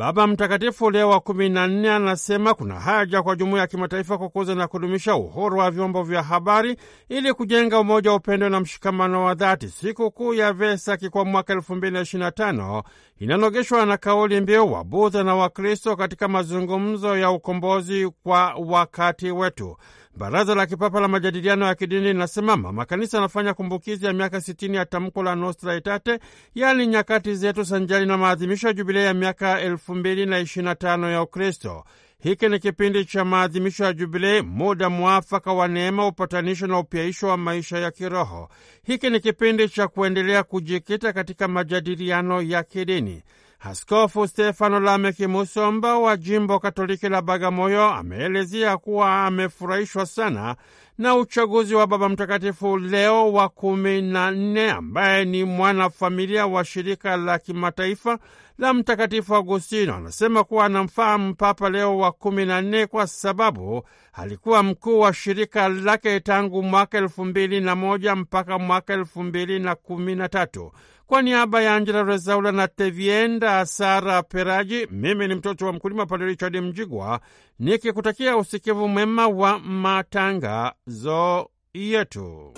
Baba Mtakatifu Leo wa kumi na nne anasema kuna haja kwa jumuiya ya kimataifa kukuza na kudumisha uhuru wa vyombo vya habari ili kujenga umoja, upendo na mshikamano wa dhati. Sikukuu ya Vesaki kwa mwaka elfu mbili na ishirini na tano inanogeshwa na kauli mbiu wa Budha na Wakristo katika mazungumzo ya ukombozi kwa wakati wetu. Baraza la Kipapa la Majadiliano ya Kidini linasimama makanisa yanafanya kumbukizi ya miaka sitini ya tamko la Nostra Aetate, yaani nyakati zetu, sanjali na maadhimisho ya jubilei ya miaka elfu mbili na ishirini na tano ya Ukristo. Hiki ni kipindi cha maadhimisho ya jubilei, muda mwafaka wa neema, upatanisho na upyaisho wa maisha ya kiroho. Hiki ni kipindi cha kuendelea kujikita katika majadiliano ya kidini. Askofu Stefano Lameki Musomba wa jimbo katoliki la Bagamoyo ameelezea kuwa amefurahishwa sana na uchaguzi wa Baba Mtakatifu Leo wa kumi na nne ambaye ni mwanafamilia wa shirika la kimataifa la Mtakatifu Agustino. Anasema kuwa anamfahamu Papa Leo wa kumi na nne kwa sababu alikuwa mkuu wa shirika lake tangu mwaka elfu mbili na moja mpaka mwaka elfu mbili na kumi na tatu. Kwa niaba ya Angela Rezaula na Tevienda Sara Peraji, mimi ni mtoto wa mkulima Padre Richard Mjigwa nikikutakia usikivu mwema wa matangazo yetu.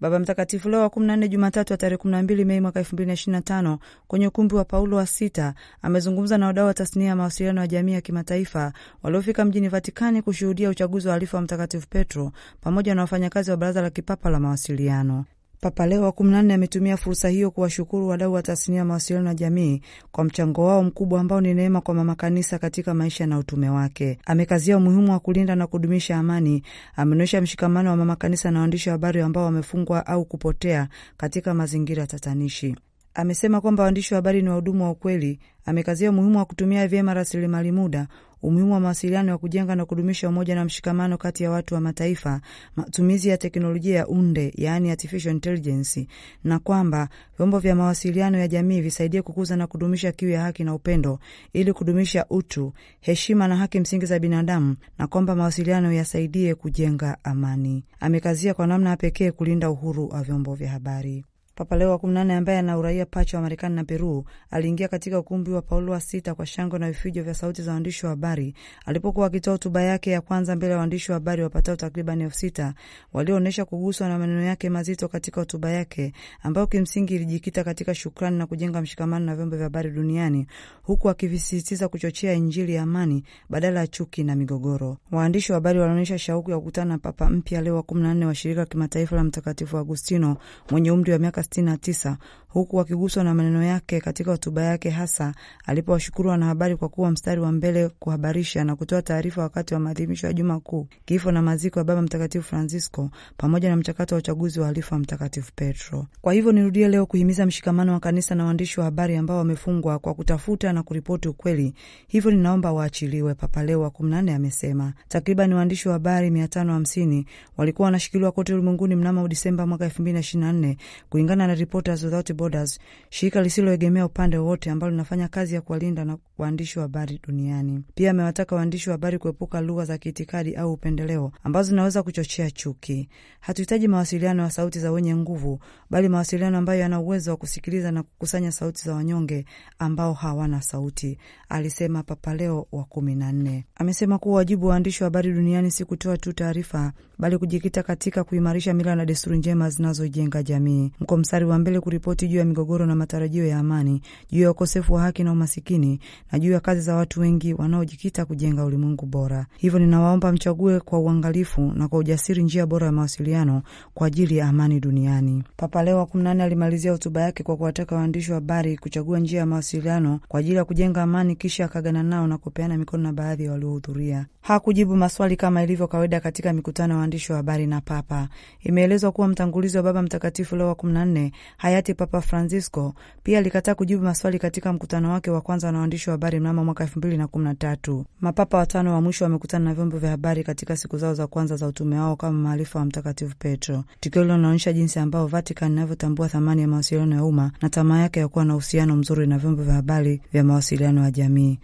Baba Mtakatifu Leo wa 14 Jumatatu ya tarehe 12 Mei mwaka 2025 kwenye ukumbi wa Paulo wa Sita amezungumza na wadau wa tasnia ya mawasiliano ya jamii ya kimataifa waliofika mjini Vatikani kushuhudia uchaguzi wa halifa wa Mtakatifu Petro pamoja na wafanyakazi wa Baraza la Kipapa la Mawasiliano. Papa Leo wa kumi na nne ametumia fursa hiyo kuwashukuru wadau wa tasnia ya mawasiliano na jamii kwa mchango wao mkubwa ambao ni neema kwa mama kanisa katika maisha na utume wake. Amekazia umuhimu wa kulinda na kudumisha amani. Ameonyesha mshikamano wa mama kanisa na waandishi wa habari ambao wamefungwa au kupotea katika mazingira tatanishi. Amesema kwamba waandishi wa habari ni wahudumu wa ukweli. Amekazia umuhimu wa kutumia vyema rasilimali muda, umuhimu wa mawasiliano ya kujenga na kudumisha umoja na mshikamano kati ya watu wa mataifa, matumizi ya teknolojia ya unde, yaani artificial intelligence, na kwamba vyombo vya mawasiliano ya jamii visaidie kukuza na kudumisha kiu ya haki na upendo ili kudumisha utu, heshima na haki msingi za binadamu, na kwamba mawasiliano yasaidie kujenga amani. Amekazia kwa namna ya pekee kulinda uhuru wa vyombo vya habari. Papa Leo wa kumi 14 ambaye ana uraia pacha wa Marekani na Peru aliingia katika ukumbi wa Paulo wa sita kwa shangwe na vifijo vya sauti za waandishi wa habari alipokuwa akitoa hotuba yake ya kwanza mbele ya waandishi wa habari wapatao takriban elfu sita walioonyesha kuguswa na maneno yake mazito katika hotuba yake ambayo kimsingi ilijikita katika shukrani na kujenga mshikamano na vyombo vya habari duniani huku akivisisitiza kuchochea Injili ya amani badala ya chuki na migogoro. Waandishi wa habari wanaonyesha shauku ya kukutana na Papa mpya Leo wa kumi na nne wa shirika la kimataifa la Mtakatifu Agustino mwenye umri wa miaka 69 huku wakiguswa na maneno yake katika hotuba yake, hasa alipowashukuru wanahabari kwa kuwa mstari wa mbele kuhabarisha na kutoa taarifa wakati wa maadhimisho ya Juma Kuu, kifo na maziko ya Baba Mtakatifu Francisco pamoja na mchakato wa uchaguzi wa halifa Mtakatifu Petro. Kwa hivyo nirudie leo kuhimiza mshikamano wa kanisa na waandishi wa habari ambao wamefungwa kwa kutafuta na kuripoti ukweli, hivyo ninaomba waachiliwe. Papa Leo wa kumi na amesema takriban waandishi wa habari mia tano hamsini walikuwa wanashikiliwa kote ulimwenguni mnamo Disemba mwaka elfu na ishirini na nne kulingana Kulingana na Reporters Without Borders, shirika lisiloegemea upande wowote ambalo linafanya kazi ya kuwalinda na waandishi wa habari duniani. Pia amewataka waandishi wa habari kuepuka lugha za kiitikadi au upendeleo ambazo zinaweza kuchochea chuki. Hatuhitaji mawasiliano ya sauti za wenye nguvu, bali mawasiliano ambayo yana uwezo wa kusikiliza na kukusanya sauti za wanyonge ambao hawana sauti, alisema Papa Leo wa kumi na nne. Amesema kuwa wajibu wa waandishi wa habari duniani si kutoa tu taarifa, bali kujikita katika kuimarisha mila na desturi njema zinazojenga jamii. Mko mstari wa mbele kuripoti juu ya migogoro na matarajio ya amani, juu ya ukosefu wa haki na umasikini, na juu ya kazi za watu wengi wanaojikita kujenga ulimwengu bora. Hivyo ninawaomba mchague kwa uangalifu na kwa ujasiri njia bora ya mawasiliano kwa ajili ya amani duniani. Papa Leo wa kumi na nne alimalizia hotuba yake kwa kuwataka waandishi wa habari kuchagua njia ya mawasiliano kwa ajili ya kujenga amani, kisha akagana nao na kupeana mikono na baadhi ya waliohudhuria. Hakujibu maswali kama ilivyo kawaida katika mikutano ya waandishi wa habari na Papa. Imeelezwa kuwa mtangulizi wa Baba Mtakatifu Leo wa kumi na nne Jumanne, hayati Papa Francisco pia alikataa kujibu maswali katika mkutano wake wa kwanza na waandishi wa habari mnamo mwaka elfu mbili na kumi na tatu. Mapapa watano wa mwisho wamekutana na vyombo vya habari katika siku zao za kwanza za utume wao kama maarifa wa Mtakatifu Petro. Tukio hilo linaonyesha jinsi ambayo Vatican inavyotambua thamani ya mawasiliano ya umma na tamaa yake ya kuwa na uhusiano mzuri na vyombo vya habari vya mawasiliano ya jamii.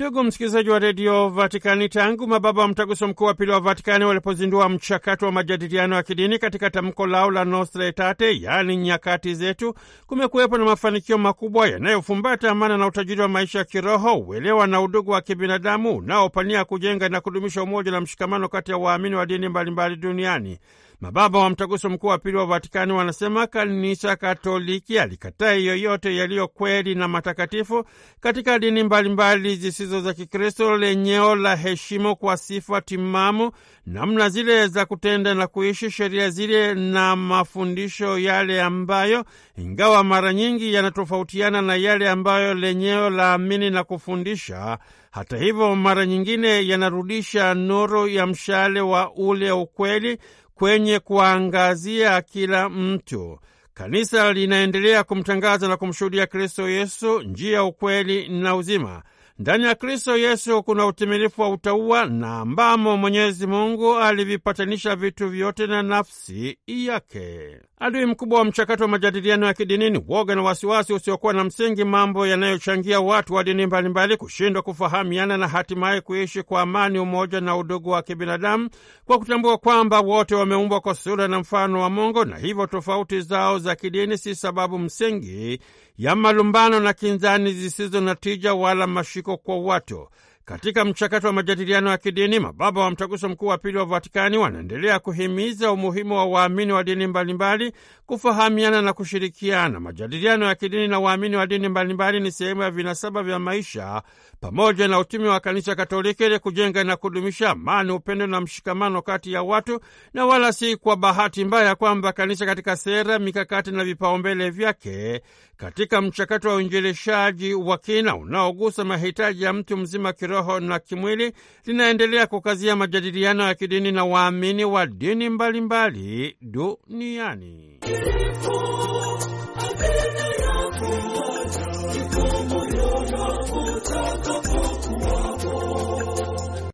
Ndugu msikilizaji wa redio Vatikani, tangu mababa wa mtaguso mkuu wa pili wa Vatikani walipozindua mchakato wa majadiliano ya kidini katika tamko lao la Nostra Aetate, yaani nyakati zetu, kumekuwepo na mafanikio makubwa yanayofumbata amana na utajiri wa maisha ya kiroho, uelewa na udugu wa kibinadamu unaopania kujenga na kudumisha umoja na mshikamano kati ya waamini wa dini mbalimbali mbali duniani. Mababa wa Mtaguso Mkuu wa Pili wa Vatikani wanasema kanisa Katoliki alikatai yoyote yaliyo kweli na matakatifu katika dini mbalimbali zisizo za Kikristo, lenyeo la heshimu kwa sifa timamu, namna zile za kutenda na kuishi, sheria zile na mafundisho yale ambayo ingawa mara nyingi yanatofautiana na yale ambayo lenyeo la amini na kufundisha hata hivyo, mara nyingine yanarudisha nuru ya mshale wa ule ukweli kwenye kuangazia kila mtu. Kanisa linaendelea kumtangaza na kumshuhudia Kristo Yesu, njia, ukweli na uzima. Ndani ya Kristo Yesu kuna utimilifu wa utauwa na ambamo Mwenyezi Mungu alivipatanisha vitu vyote na nafsi yake. Adui mkubwa wa mchakato wa majadiliano ya kidini ni woga na wasiwasi usiokuwa na msingi, mambo yanayochangia watu wa dini mbalimbali kushindwa kufahamiana na hatimaye kuishi kwa amani, umoja na udugu wa kibinadamu, kwa kutambua kwamba wote wameumbwa kwa sura na mfano wa Mungu na hivyo tofauti zao za kidini si sababu msingi ya malumbano na kinzani zisizo na tija wala mashiko kwa watu. Katika mchakato wa majadiliano ya kidini, mababa wa mtaguso mkuu wa pili wa Vatikani wanaendelea kuhimiza umuhimu wa waamini wa dini mbalimbali kufahamiana na kushirikiana. Majadiliano ya kidini na waamini wa dini mbalimbali ni sehemu ya vinasaba vya maisha pamoja na utumi wa Kanisa Katoliki ili kujenga na kudumisha amani, upendo na mshikamano kati ya watu, na wala si kwa bahati mbaya kwamba Kanisa katika sera, mikakati na vipaumbele vyake katika mchakato wa uinjilishaji wa kina unaogusa mahitaji ya mtu mzima kiroho na kimwili, linaendelea kukazia majadiliano ya kidini na waamini wa dini mbalimbali mbali duniani.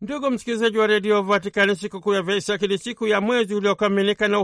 Ndugu msikilizaji wa redio Vatikani, sikukuu ya vaisaki ni siku ya mwezi uliokamilika na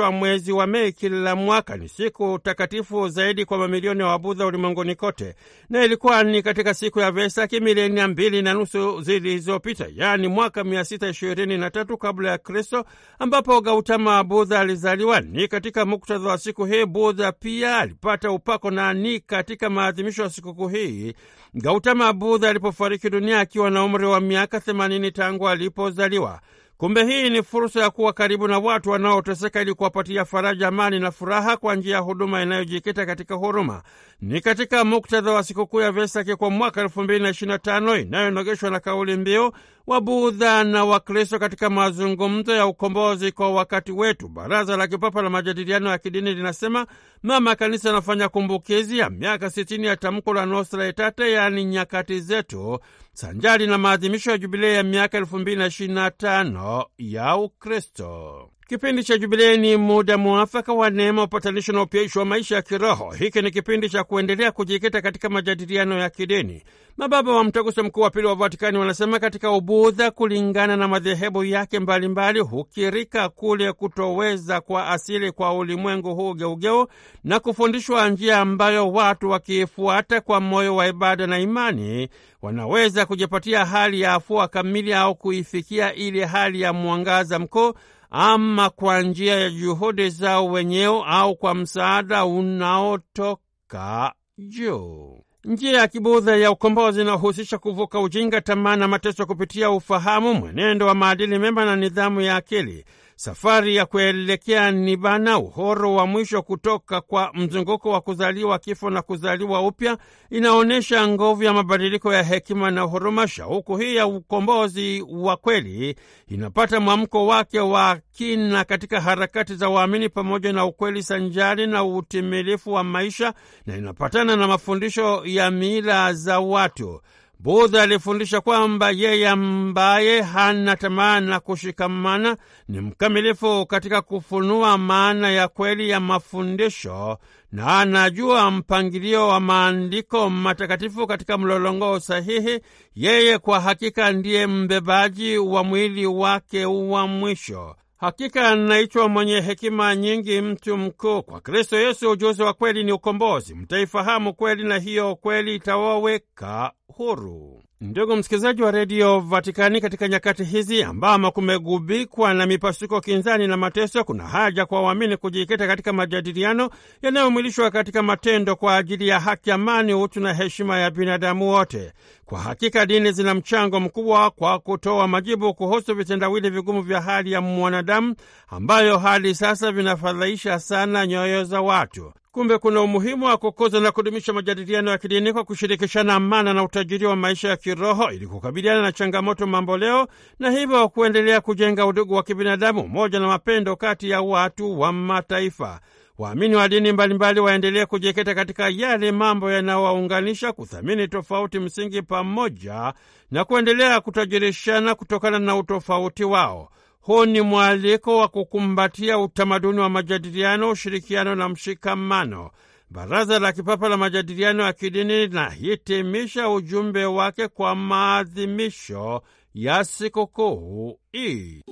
wa mwezi wa Mei kila mwaka. Ni siku takatifu zaidi kwa mamilioni ya Wabudha ulimwenguni kote, na ilikuwa ni katika siku ya Veisaki milenia mbili na nusu zilizopita, yaani mwaka 623 kabla ya Kristo, ambapo Gautama Budha alizaliwa. Ni katika muktadha wa siku hii Budha pia alipata upako, na ni katika maadhimisho ya sikukuu hii Gautama Budha alipofariki dunia akiwa na umri wa miaka themanini tangu alipozaliwa. Kumbe hii ni fursa ya kuwa karibu na watu wanaoteseka ili kuwapatia faraja, amani na furaha kwa njia ya huduma inayojikita katika huruma. Ni katika muktadha wa sikukuu ya Vesaki kwa mwaka elfu inayonogeshwa na kauli mbiu Wabudha na Wakristo katika mazungumzo ya ukombozi kwa wakati wetu. Baraza la Kipapa la Majadiliano ya Kidini linasema mama kanisa anafanya kumbukizi ya miaka sitini ya tamko la Nostra Aetate, yaani nyakati zetu, sanjari na maadhimisho ya jubilei ya miaka elfu mbili na ishirini na tano ya Ukristo. Kipindi cha Jubilei ni muda mwafaka wa neema, upatanisho na upyaisho wa maisha ya kiroho. Hiki ni kipindi cha kuendelea kujikita katika majadiliano ya kidini. Mababa wa Mtaguso Mkuu wa Pili wa Vatikani wanasema katika Ubudha, kulingana na madhehebu yake mbalimbali, hukirika kule kutoweza kwa asili kwa ulimwengu huu geugeu na kufundishwa njia ambayo watu wakiifuata kwa moyo wa ibada na imani wanaweza kujipatia hali ya afua kamili au kuifikia ile hali ya mwangaza mkuu ama kwa njia ya juhudi zao wenyewe au kwa msaada unaotoka juu. Njia ya kibudha ya ukombozi inahusisha kuvuka ujinga, tamaa na mateso kupitia ufahamu, mwenendo wa maadili mema na nidhamu ya akili. Safari ya kuelekea nibana, uhoro wa mwisho kutoka kwa mzunguko wa kuzaliwa, kifo na kuzaliwa upya, inaonyesha nguvu ya mabadiliko ya hekima na huruma. Shauku hii ya ukombozi wa kweli inapata mwamko wake wa kina katika harakati za waamini pamoja na ukweli sanjari na utimilifu wa maisha, na inapatana na mafundisho ya mila za watu. Budha alifundisha kwamba yeye ambaye hana tamaa na kushikamana ni mkamilifu katika kufunua maana ya kweli ya mafundisho na anajua mpangilio wa maandiko matakatifu katika mlolongo sahihi. Yeye kwa hakika ndiye mbebaji wa mwili wake wa mwisho. Hakika naitwa mwenye hekima nyingi, mtu mkuu. Kwa Kristo Yesu ujuzi wa kweli ni ukombozi. Mtaifahamu kweli na hiyo kweli itawaweka huru. Ndugu msikilizaji wa redio Vatikani, katika nyakati hizi ambamo kumegubikwa na mipasuko kinzani na mateso, kuna haja kwa waamini kujikita katika majadiliano yanayomwilishwa katika matendo kwa ajili ya haki, amani, utu na heshima ya binadamu wote. Kwa hakika dini zina mchango mkubwa kwa kutoa majibu kuhusu vitendawili vigumu vya hali ya mwanadamu ambayo hadi sasa vinafadhaisha sana nyoyo za watu. Kumbe kuna umuhimu wa kukuza na kudumisha majadiliano ya kidini kwa kushirikishana amana na utajiri wa maisha ya kiroho ili kukabiliana na changamoto mamboleo na hivyo kuendelea kujenga udugu wa kibinadamu, umoja na mapendo kati ya watu wa mataifa. Waamini wa dini mbalimbali waendelee kujikita katika yale mambo yanayowaunganisha, kuthamini tofauti msingi pamoja na kuendelea kutajirishana kutokana na utofauti wao. Huu ni mwaliko wa kukumbatia utamaduni wa majadiliano, ushirikiano na mshikamano. Baraza la Kipapa la Majadiliano ya Kidini linahitimisha ujumbe wake kwa maadhimisho ya sikukuu hii.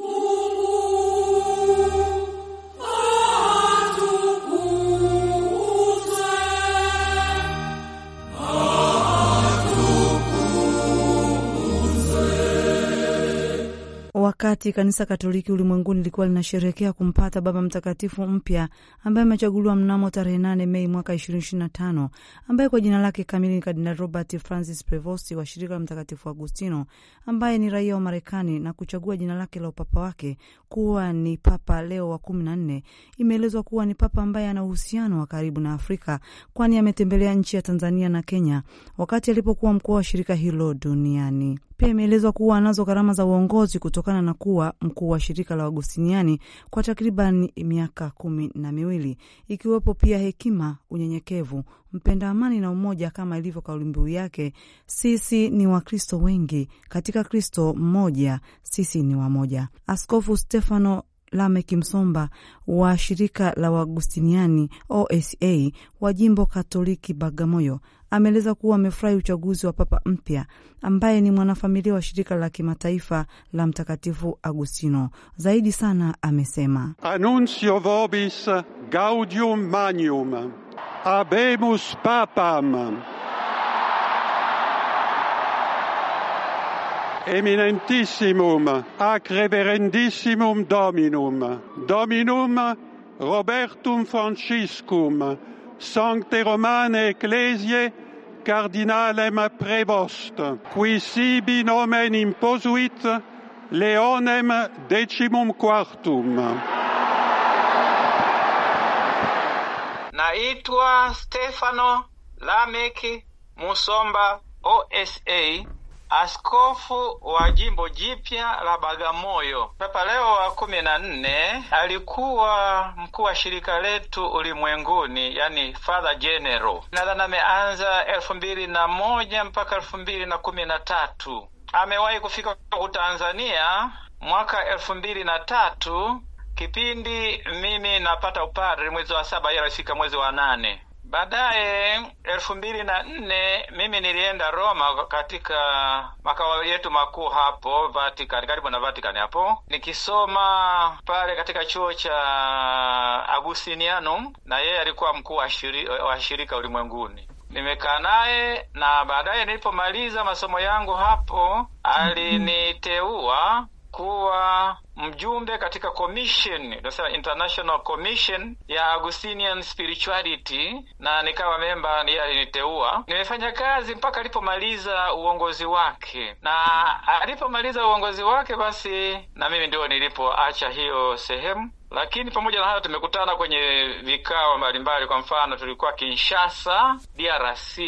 wakati kanisa Katoliki ulimwenguni lilikuwa linasherehekea kumpata Baba Mtakatifu mpya ambaye amechaguliwa mnamo tarehe 8 Mei mwaka 2025, ambaye kwa jina lake kamili ni Kardinal Robert Francis prevosi wa shirika la Mtakatifu Agustino, ambaye ni raia wa Marekani na kuchagua jina lake la upapa wake kuwa ni Papa Leo wa 14. Imeelezwa kuwa ni papa ambaye ana uhusiano wa karibu na Afrika, kwani ametembelea nchi ya Tanzania na Kenya wakati alipokuwa mkuu wa shirika hilo duniani. Pia imeelezwa kuwa anazo gharama za uongozi kutokana na kuwa mkuu wa shirika la Wagustiniani kwa takriban miaka kumi na miwili, ikiwepo pia hekima, unyenyekevu, mpenda amani na umoja, kama ilivyo kauli mbiu yake, sisi ni Wakristo wengi katika Kristo mmoja, sisi ni wamoja. Askofu Stefano Lameki Msomba wa shirika la Wagustiniani OSA wa jimbo Katoliki Bagamoyo ameeleza kuwa amefurahi uchaguzi wa papa mpya ambaye ni mwanafamilia wa shirika la kimataifa la Mtakatifu Agustino. Zaidi sana amesema, Annuntio vobis gaudium magnum habemus papam Eminentissimum, ac reverendissimum Dominum, Dominum Robertum Franciscum, Sancte Romane Ecclesiae, Cardinalem Prevost, qui sibi nomen imposuit Leonem Decimum Quartum. Naitua Stefano Lameki Musomba OSA, askofu wa jimbo jipya la Bagamoyo. Papa Leo wa kumi na nne alikuwa mkuu wa shirika letu ulimwenguni, yani Father General. Nadhani ameanza elfu mbili na moja mpaka elfu mbili na kumi na tatu. Amewahi kufika Tanzania mwaka elfu mbili na tatu kipindi mimi napata upadri mwezi wa saba, yeye alifika mwezi wa nane. Baadaye elfu mbili na nne mimi nilienda Roma katika makao yetu makuu hapo Vatican, karibu na Vatican hapo, nikisoma pale katika chuo cha Agustinianum, na yeye alikuwa mkuu wa shirika, shirika ulimwenguni nimekaa naye na baadaye nilipomaliza masomo yangu hapo, aliniteua kuwa mjumbe katika commission, nasema international commission ya Augustinian spirituality, na nikawa memba, yeye aliniteua. Nimefanya kazi mpaka alipomaliza uongozi wake, na alipomaliza uongozi wake basi na mimi ndio nilipoacha hiyo sehemu lakini pamoja na hayo tumekutana kwenye vikao mbalimbali. Kwa mfano, tulikuwa Kinshasa, DRC,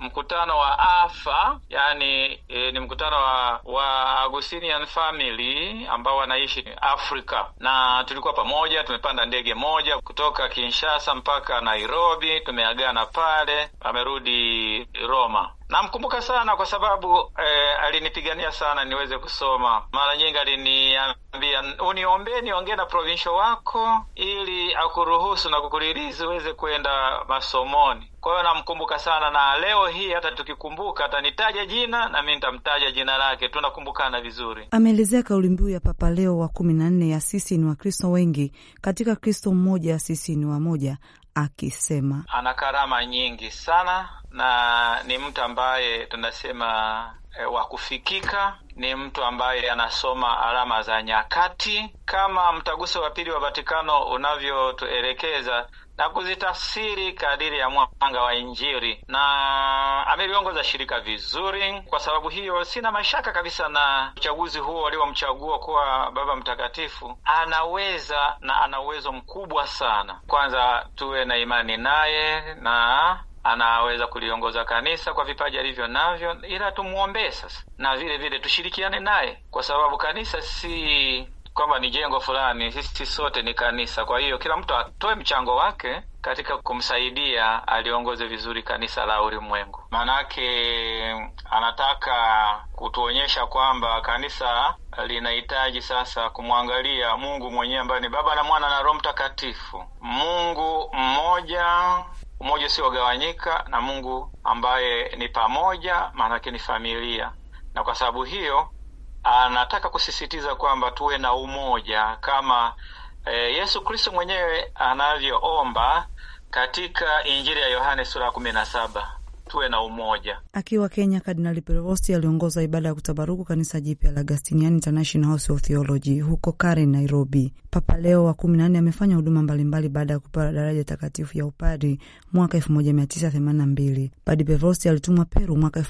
mkutano wa AFA, yani e, ni mkutano wa, wa Augustinian family ambao wanaishi Afrika, na tulikuwa pamoja, tumepanda ndege moja kutoka Kinshasa mpaka Nairobi, tumeagana pale, amerudi Roma. Namkumbuka sana kwa sababu eh, alinipigania sana niweze kusoma. Mara nyingi aliniambia uniombee niongee na provincial wako ili akuruhusu na kukulirizi uweze kwenda masomoni. Kwa hiyo namkumbuka sana, na leo hii hata tukikumbuka, atanitaja jina na mi nitamtaja jina lake, tunakumbukana vizuri. Ameelezea kauli mbiu ya Papa Leo wa kumi na nne ya sisi ni Wakristo wengi katika Kristo mmoja, sisi ni wamoja, akisema ana karama nyingi sana na ni mtu ambaye tunasema e, wa kufikika. Ni mtu ambaye anasoma alama za nyakati kama mtaguso wa pili wa Vatikano unavyotuelekeza na kuzitafsiri kadiri ya mwanga wa Injili, na ameliongoza shirika vizuri. Kwa sababu hiyo, sina mashaka kabisa na uchaguzi huo waliomchagua kuwa Baba Mtakatifu. Anaweza na ana uwezo mkubwa sana. Kwanza tuwe na imani naye na anaweza kuliongoza kanisa kwa vipaji alivyo navyo, ila tumwombee sasa, na vile vile tushirikiane naye, kwa sababu kanisa si kwamba ni jengo fulani. Sisi sote ni kanisa, kwa hiyo kila mtu atoe mchango wake katika kumsaidia aliongoze vizuri kanisa la ulimwengu. Maanake anataka kutuonyesha kwamba kanisa linahitaji sasa kumwangalia Mungu mwenyewe ambaye ni Baba na Mwana na Roho Mtakatifu, Mungu mmoja umoja usiogawanyika na Mungu ambaye ni pamoja, maanake ni familia. Na kwa sababu hiyo anataka kusisitiza kwamba tuwe na umoja kama e, Yesu Kristo mwenyewe anavyoomba katika Injili ya Yohane sura ya kumi na saba tuwe na umoja. Akiwa Kenya, Kardinali prevosti aliongoza ibada ya kutabaruku kanisa jipya la gastinian International House of Theology huko Karen, Nairobi. Papa Leo wa kumi na nne amefanya huduma mbalimbali baada ya kupewa daraja takatifu ya upadri mwaka mbili. Padi Prevost alitumwa Peru mwaka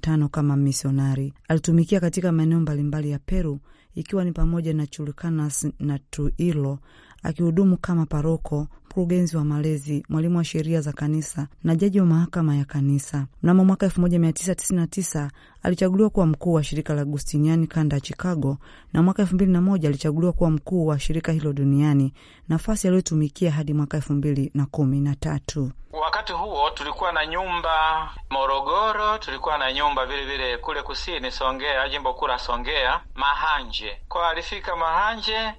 tano kama misionari. Alitumikia katika maeneo mbalimbali ya Peru ikiwa ni pamoja na Chulucanas na Tuilo, akihudumu kama paroko mkurugenzi wa malezi, mwalimu wa sheria za kanisa na jaji wa mahakama ya kanisa. Mnamo mwaka 1999 alichaguliwa kuwa mkuu wa shirika la Agustiniani kanda ya Chicago, na mwaka 2001 alichaguliwa kuwa mkuu wa shirika hilo duniani, nafasi aliyotumikia hadi mwaka 2013. Wakati huo tulikuwa na nyumba Morogoro, tulikuwa na nyumba vilevile vile kule kusini Songea, jimbo kuu la Songea, Mahanje. Kwa alifika Mahanje.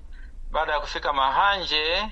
Baada ya kufika Mahanje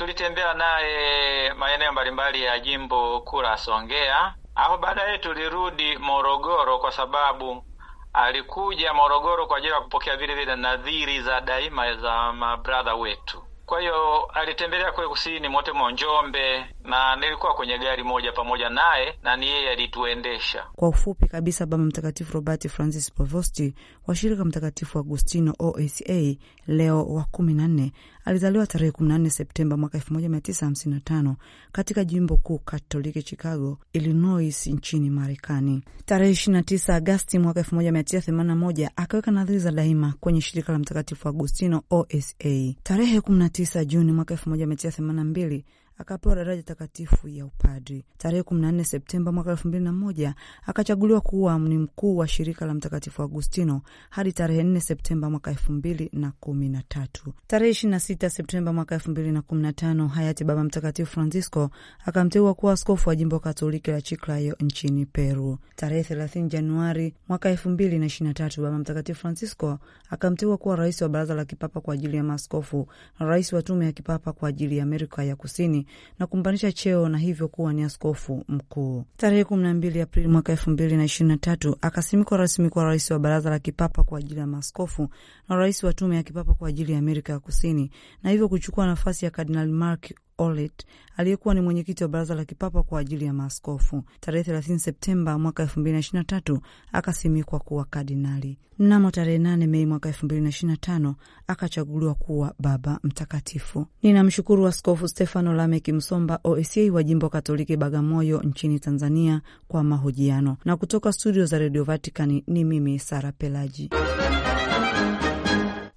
tulitembea naye maeneo mbalimbali ya jimbo kula Songea. Hapo baadaye tulirudi Morogoro kwa sababu alikuja Morogoro kwa ajili ya kupokea vile vile nadhiri za daima za mabradha wetu. Kwa hiyo alitembelea kule kusini mote mwa Njombe, na nilikuwa kwenye gari moja pamoja naye na ni yeye alituendesha. Kwa ufupi kabisa, Baba Mtakatifu Robert Francis Provosti wa shirika Mtakatifu Agustino OSA Leo wa kumi na nne Alizaliwa tarehe 14 Septemba mwaka 1955 katika jimbo kuu Katoliki Chicago, Illinois, nchini Marekani. Tarehe 29 Agasti mwaka 1981 akaweka nadhiri za daima kwenye shirika la Mtakatifu Agustino OSA. Tarehe 19 Juni mwaka 1982 akapewa daraja takatifu ya upadri. Tarehe 14 Septemba mwaka 2001 akachaguliwa kuwa ni mkuu wa shirika la Mtakatifu Agustino hadi tarehe 4 Septemba mwaka 2013. Tarehe 26 Septemba mwaka 2015 hayati Baba Mtakatifu Francisco akamteua kuwa askofu wa jimbo Katoliki la Chiclayo nchini Peru. Tarehe 30 Januari mwaka 2023 Baba Mtakatifu Francisco akamteua kuwa rais wa Baraza la Kipapa kwa ajili ya Maaskofu na rais wa Tume ya Kipapa kwa ajili ya Amerika ya Kusini na kumpandisha cheo na hivyo kuwa ni askofu mkuu. Tarehe 12 Aprili mwaka 2023 akasimikwa rasmi kwa rais wa baraza la kipapa kwa ajili ya maaskofu na rais wa tume ya kipapa kwa ajili ya Amerika ya Kusini, na hivyo kuchukua nafasi ya Kardinal Mark Olit aliyekuwa ni mwenyekiti wa baraza la kipapa kwa ajili ya maaskofu. Tarehe 30 Septemba mwaka 2023 akasimikwa kuwa kardinali. Mnamo tarehe 8 Mei mwaka 2025 akachaguliwa kuwa Baba Mtakatifu. Ninamshukuru Askofu Stefano Lameki Msomba, OSA wa jimbo Katoliki Bagamoyo nchini Tanzania kwa mahojiano. Na kutoka studio za redio Vaticani ni mimi Sara Pelaji.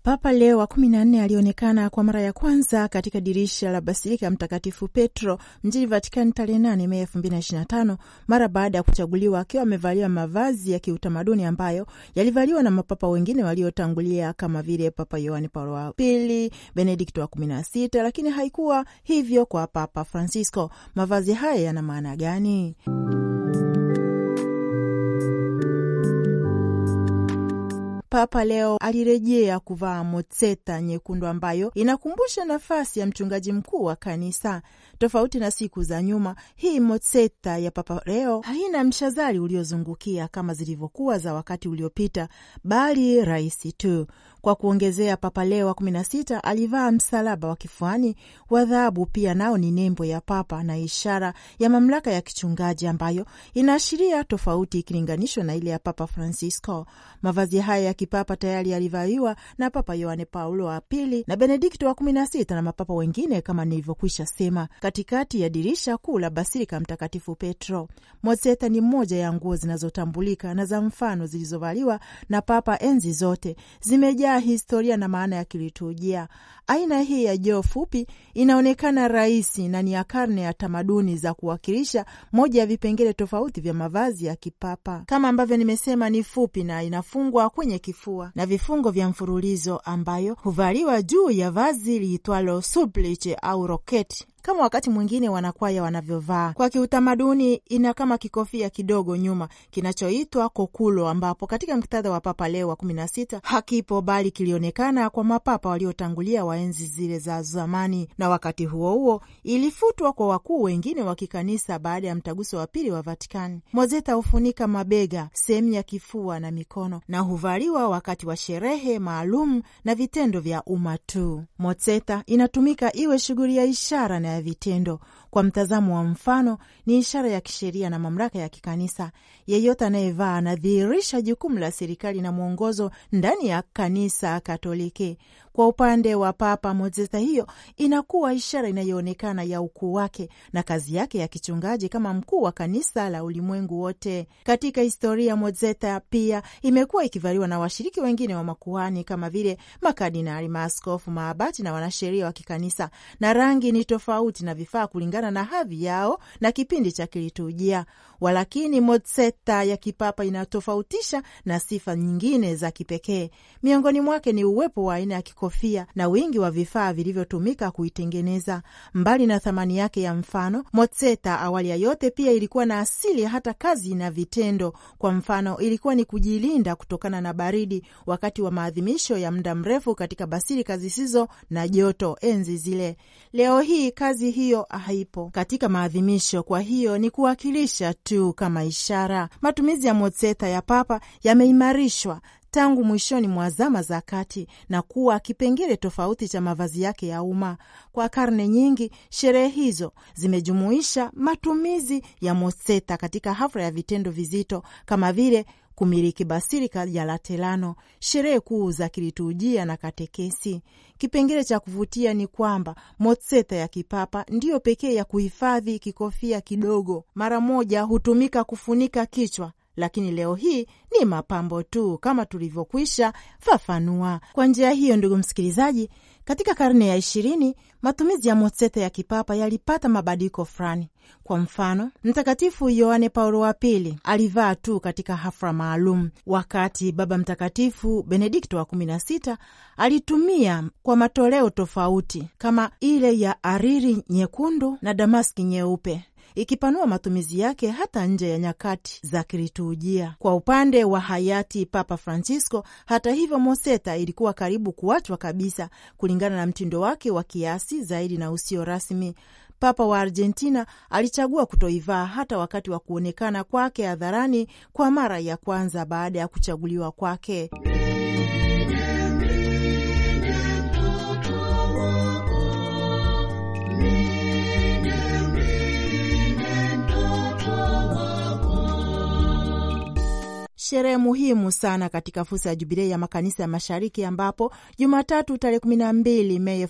Papa Leo wa kumi na nne alionekana kwa mara ya kwanza katika dirisha la basilika ya Mtakatifu Petro mjini Vatikani tarehe 8 Mei tano mara baada ya kuchaguliwa, akiwa amevalia mavazi ya kiutamaduni ambayo yalivaliwa na mapapa wengine waliotangulia kama vile Papa yohani Paulo wa Pili, Benedikto wa 16, lakini haikuwa hivyo kwa Papa Francisco. Mavazi haya yana maana gani? Papa leo alirejea kuvaa motseta nyekundu ambayo inakumbusha nafasi ya mchungaji mkuu wa kanisa. Tofauti na siku za nyuma, hii motseta ya Papa leo haina mshazari uliozungukia kama zilivyokuwa za wakati uliopita, bali rahisi tu. Kwa kuongezea, Papa Leo wa 16 alivaa msalaba wa kifuani wa dhahabu, pia nao ni nembo ya papa na ishara ya mamlaka ya kichungaji ambayo inaashiria tofauti ikilinganishwa na ile ya Papa Francisco. Mavazi haya ya kipapa tayari yalivaiwa na Papa Yohane Paulo wa pili na Benedikto wa 16 na mapapa wengine kama nilivyokwisha sema, katikati ya dirisha kuu la Basilika Mtakatifu Petro. Mozeta ni mmoja ya nguo zinazotambulika na za mfano zilizovaliwa na papa enzi zote, zimejaa ya historia na maana ya kiliturujia. Aina hii ya joo fupi inaonekana rahisi na ni ya karne ya tamaduni za kuwakilisha moja ya vipengele tofauti vya mavazi ya kipapa. Kama ambavyo nimesema, ni fupi na inafungwa kwenye kifua na vifungo vya mfululizo ambayo huvaliwa juu ya vazi liitwalo supliche au roketi kama wakati mwingine wanakwaya wanavyovaa. Kwa kiutamaduni, ina kama kikofia kidogo nyuma kinachoitwa kokulo, ambapo katika muktadha wa Papa Leo wa kumi na sita hakipo bali kilionekana kwa mapapa waliotangulia wa enzi zile za zamani, na wakati huo huo ilifutwa kwa wakuu wengine wa kikanisa baada ya mtaguso wa pili wa Vatikani. Mozeta hufunika mabega, sehemu ya kifua na mikono, na huvaliwa wakati wa sherehe maalum na vitendo vya umma tu Mozeta inatumika iwe shughuli ya ishara na ya vitendo kwa mtazamo wa mfano, ni ishara ya kisheria na mamlaka ya kikanisa. Yeyote anayevaa anadhihirisha jukumu la serikali na mwongozo ndani ya kanisa Katoliki. Kwa upande wa Papa, mozeta hiyo inakuwa ishara inayoonekana ya ukuu wake na kazi yake ya kichungaji kama mkuu wa kanisa la ulimwengu wote. Katika historia, mozeta pia imekuwa ikivaliwa na washiriki wengine wa makuhani kama vile makardinali, maaskofu, maabati na wanasheria wa kikanisa, na rangi ni tofauti na vifaa kulingana kulingana na hadhi yao na kipindi cha kiliturujia. Walakini motseta ya kipapa inatofautisha na sifa nyingine za kipekee. Miongoni mwake ni uwepo wa aina ya kikofia na wingi wa vifaa vilivyotumika kuitengeneza. Mbali na thamani yake ya mfano, motseta awali ya yote pia ilikuwa na asili hata kazi na vitendo. Kwa mfano, ilikuwa ni kujilinda kutokana na baridi wakati wa maadhimisho ya muda mrefu katika basilika zisizo na joto enzi zile. Leo hii kazi hiyo haipo katika maadhimisho, kwa hiyo ni kuwakilisha tu tu kama ishara. Matumizi ya motseta ya papa yameimarishwa tangu mwishoni mwa zama za kati na kuwa kipengele tofauti cha mavazi yake ya umma. Kwa karne nyingi, sherehe hizo zimejumuisha matumizi ya motseta katika hafla ya vitendo vizito kama vile kumiliki basilika ya Laterano, sherehe kuu za kiliturujia na katekesi. Kipengele cha kuvutia ni kwamba motseta ya kipapa ndiyo pekee ya kuhifadhi kikofia kidogo. Mara moja hutumika kufunika kichwa lakini leo hii ni mapambo tu kama tulivyokwisha fafanua. Kwa njia hiyo, ndugu msikilizaji, katika karne ya ishirini matumizi ya motsethe ya kipapa yalipata mabadiliko fulani. Kwa mfano, Mtakatifu Yohane Paulo wa Pili alivaa tu katika hafla maalum, wakati Baba Mtakatifu Benedikto wa kumi na sita alitumia kwa matoleo tofauti kama ile ya ariri nyekundu na damaski nyeupe ikipanua matumizi yake hata nje ya nyakati za kiliturujia. Kwa upande wa hayati Papa Francisco, hata hivyo, moseta ilikuwa karibu kuachwa kabisa kulingana na mtindo wake wa kiasi zaidi na usio rasmi. Papa wa Argentina alichagua kutoivaa hata wakati wa kuonekana kwake hadharani kwa mara ya kwanza baada ya kuchaguliwa kwake. sherehe muhimu sana katika fursa ya Jubilei ya makanisa ya Mashariki, ambapo Jumatatu tarehe mbili Mei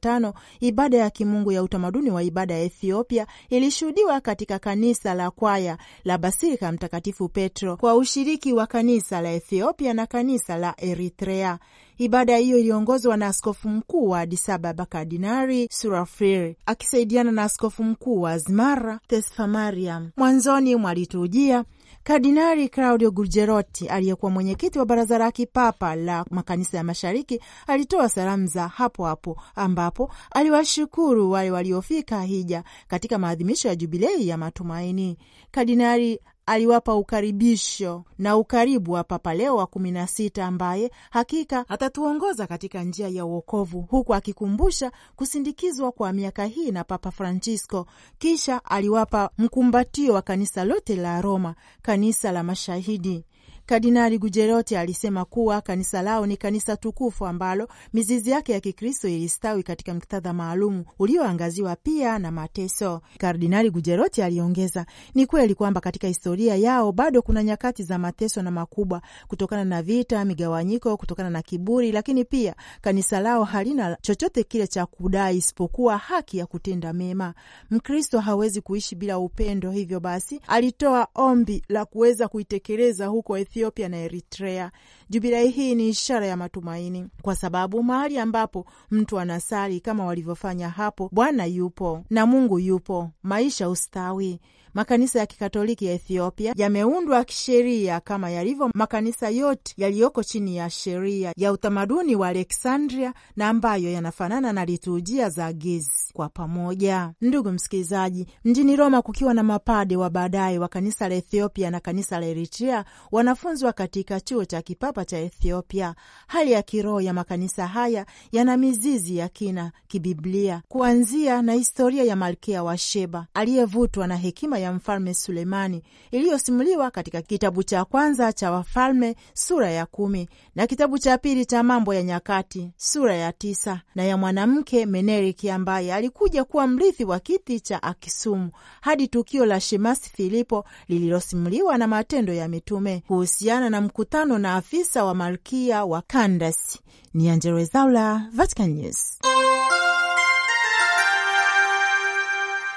tano ibada ya kimungu ya utamaduni wa ibada ya Ethiopia ilishuhudiwa katika kanisa la kwaya la Basilika Mtakatifu Petro kwa ushiriki wa kanisa la Ethiopia na kanisa la Eritrea. Ibada hiyo iliongozwa na askofu mkuu wa Addis Ababa Kardinari Surafir akisaidiana na askofu mkuu wa Azmara Tesfamariam. Mwanzoni mwa liturujia Kardinari Claudio Gugerotti aliyekuwa mwenyekiti wa baraza la kipapa la makanisa ya mashariki alitoa salamu za hapo hapo, ambapo aliwashukuru wale waliofika hija katika maadhimisho ya jubilei ya matumaini. Kardinari aliwapa ukaribisho na ukaribu wa Papa Leo wa kumi na sita ambaye hakika atatuongoza katika njia ya uokovu, huku akikumbusha kusindikizwa kwa miaka hii na Papa Francisco. Kisha aliwapa mkumbatio wa kanisa lote la Roma, kanisa la mashahidi. Kardinali Gujerote alisema kuwa kanisa lao ni kanisa tukufu ambalo mizizi yake ya Kikristo ilistawi katika muktadha maalum ulioangaziwa pia na mateso. Kardinali Gujerote aliongeza, ni kweli kwamba katika historia yao bado kuna nyakati za mateso na makubwa kutokana na vita, migawanyiko, kutokana na kiburi, lakini pia kanisa lao halina chochote kile cha kudai isipokuwa haki ya kutenda mema. Mkristo hawezi kuishi bila upendo, hivyo basi alitoa ombi la kuweza kuitekeleza huko Ethi Ethiopia na Eritrea. Jubilei hii ni ishara ya matumaini, kwa sababu mahali ambapo mtu anasali kama walivyofanya hapo, Bwana yupo na Mungu yupo, maisha ustawi Makanisa ya Kikatoliki ya Ethiopia yameundwa kisheria kama yalivyo makanisa yote yaliyoko chini ya sheria ya utamaduni wa Aleksandria na ambayo yanafanana na liturujia za Gizi kwa pamoja. Ndugu msikilizaji, mjini Roma kukiwa na mapade wa baadaye wa kanisa la Ethiopia na kanisa la Eritrea wanafunzwa katika chuo cha kipapa cha Ethiopia. Hali ya kiroho ya makanisa haya yana mizizi ya kina kibiblia, kuanzia na historia ya Malkia wa Sheba aliyevutwa na hekima ya mfalme Sulemani iliyosimuliwa katika kitabu cha kwanza cha Wafalme sura ya kumi na kitabu cha pili cha Mambo ya Nyakati sura ya tisa na ya mwanamke Meneriki ambaye alikuja kuwa mrithi wa kiti cha Akisumu hadi tukio la Shemasi Filipo lililosimuliwa na Matendo ya Mitume kuhusiana na mkutano na afisa wa malkia wa Kandasi. Ni Angella Rwezaula, Vatican News.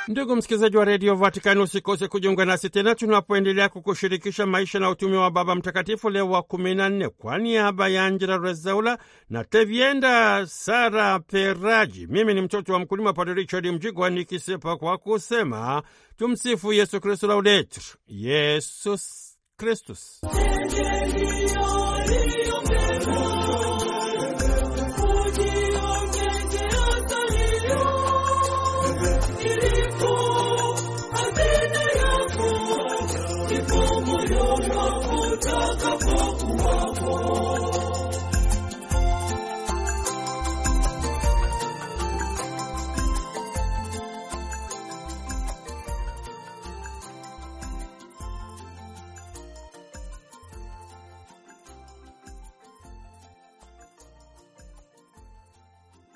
Ndugu msikilizaji wa redio Vatikani, usikose kujiunga nasi tena tunapoendelea kukushirikisha maisha na utume wa Baba Mtakatifu Leo wa kumi na nne. Kwa niaba ya Angela Rezaula na Tevienda Sara Peraji, mimi ni mtoto wa mkulima Padre Richard Mjigwa nikisepa kwa kusema tumsifu Yesu Kristu, laudetur Yesus Kristus.